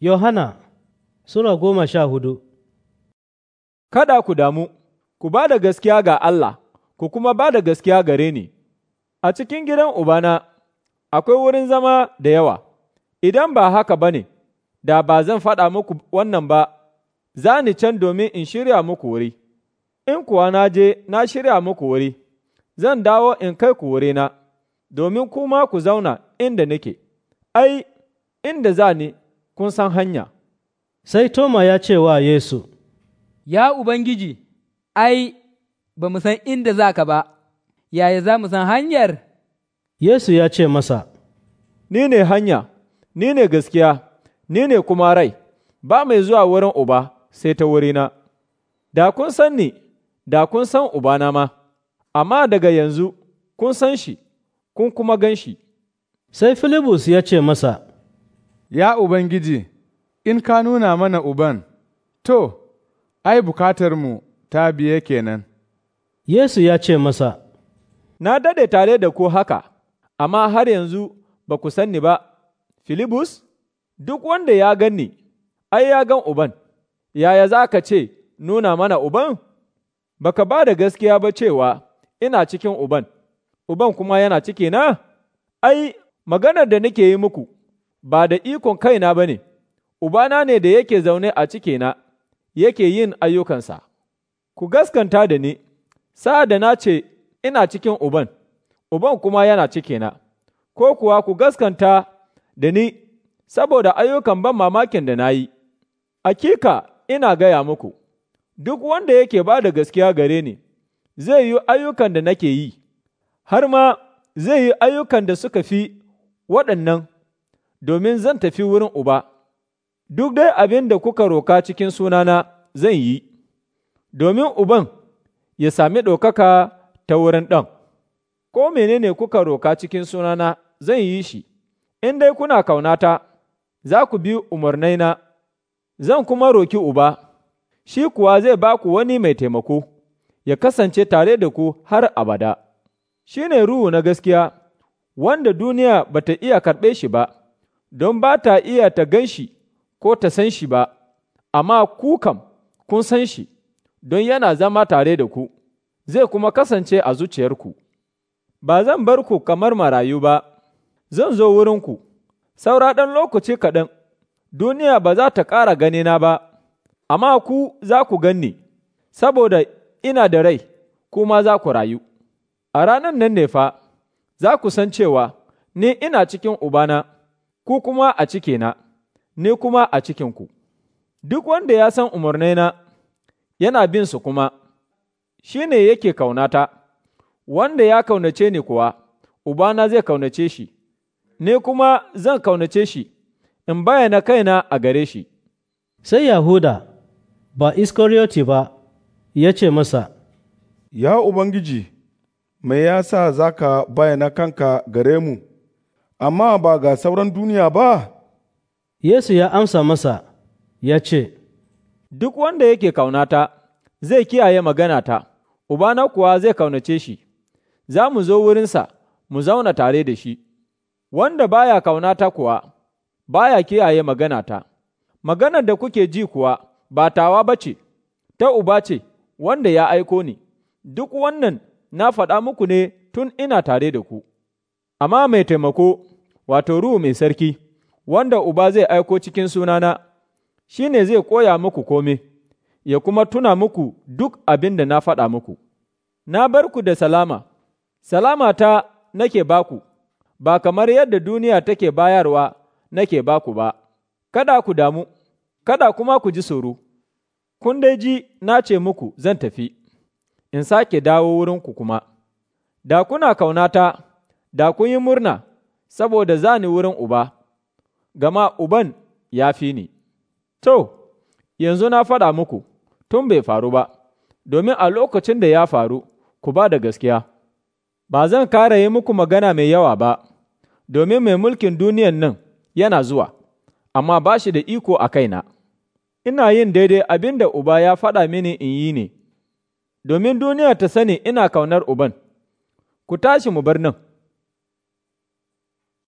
Yohana Sura goma sha hudu Kada ku damu, ku ba da gaskiya ga Allah, ku kuma ba da gaskiya gare ni, a cikin gidan Ubana akwai wurin zama da yawa, idan ba haka ba ne, da ba zan faɗa muku wannan ba, za ni can domin in shirya muku wuri, in kuwa na je na shirya muku wuri, zan dawo in kai ku wurina, domin kuma ku zauna inda nake, ai, inda za ni kun san hanya. Sai Toma ya ce wa Yesu, Ya Ubangiji, ai, ba mu san inda za ka ba, yaya za mu san hanyar? Yesu ya ce masa, Ni ne hanya, ni ne gaskiya, ni ne kuma rai, ba mai zuwa wurin Uba sai ta wurina. Da kun san ni, da kun san Ubana ma, amma daga yanzu kun san shi, kun kuma gan shi. Sai Filibus ya ce masa, Ya Ubangiji, in ka nuna mana Uban, to, ai, mu ta biye kenan. Yesu ya ce masa, Na daɗe tare da ku haka, amma har yanzu ba ku sanni ba, Filibus, duk wanda ya ni ai, ya gan Uban, yaya za ka ce, nuna mana Uban? Baka ba da gaskiya ba cewa ina cikin Uban, Uban kuma yana na Ai, maganar da nake yi muku. ba da ikon kaina ba ne, Ubana ne da yake zaune a cikina, yake yin ayyukansa, ku gaskanta da ni, sa'ad da na ce ina cikin Uban, Uban kuma yana cikina, ko kuwa ku gaskanta da ni saboda ayyukan ban mamakin da na yi, akika ina gaya muku, duk wanda yake ba da gaskiya gare ni, zai yi ayyukan da nake yi, har ma zai yi ayyukan da suka fi waɗannan domin zan tafi wurin Uba, duk dai abin da kuka roka cikin sunana zan yi, domin Uban ya sami ɗaukaka ta wurin ɗan, ko menene kuka roka cikin sunana zan yi shi, in dai kuna kaunata, za ku bi umarnaina, zan kuma roki Uba, shi kuwa zai ba ku wani mai taimako, ya kasance tare da ku har abada. Shi ne Ruhu na gaskiya, wanda duniya ba ta iya karɓe shi ba. don ba ta iya ta gan shi ko ta san shi ba, amma ku kam kun san shi, don yana zama tare da ku, zai kuma kasance a zuciyarku. Ba zan bar ku kamar marayu ba, zan zo wurinku, saura ɗan lokaci kaɗan, duniya ba za ta ƙara ganina ba, amma ku za ku ganni, saboda ina da rai, kuma za ku rayu. A ranan nan ne fa, za ku san cewa, ni ina cikin Ubana. ku kuma a cikina, ni kuma a cikinku. Duk wanda ya san umarnaina yana bin su kuma, shi ne yake kaunata, wanda ya kaunace ni kuwa, Ubana zai kaunace shi, ni kuma zan kaunace shi, in bayana kaina a gare shi. Sai Yahuda, ba Iskariyoti ba, ya ce masa, Ya Ubangiji, me ya sa za ka bayyana kanka gare mu? amma ba ga sauran duniya ba? Yesu ya amsa masa ya ce, Duk wanda yake kaunata zai kiyaye magana maganata, Ubana kuwa zai kaunace shi, za mu zo wurinsa mu zauna tare da shi, wanda baya kaunata kuwa baya kiyaye magana ta maganar da kuke ji kuwa ba tawa ba ce, ta uba ce wanda ya aiko ni, duk wannan na faɗa muku ne tun ina tare da ku, amma mai taimako. wato Ruhu mai sarki, wanda Uba zai aiko cikin sunana, shi ne zai koya muku kome, ya kuma tuna muku duk abin da na faɗa muku. Na bar ku da salama, salama ta nake baku, ba kamar yadda duniya take bayarwa nake baku ba, kada ku damu, kada kuma ku ji tsoro. Kun dai ji na ce muku zan tafi, in sake dawo wurinku kuma, da kuna kaunata, da kun yi murna. saboda za ni wurin uba, gama uban ya fi ni. To, yanzu na faɗa muku, tun bai faru ba, domin a lokacin da ya faru, ku ba da gaskiya. Ba zan kara yi muku magana mai yawa ba, domin mai mulkin duniyan nan yana zuwa, amma ba shi da iko a kaina. Ina yin daidai abin da uba ya faɗa mini in yi ne, domin duniya ta sani ina kaunar uban. Ku tashi mu bar nan.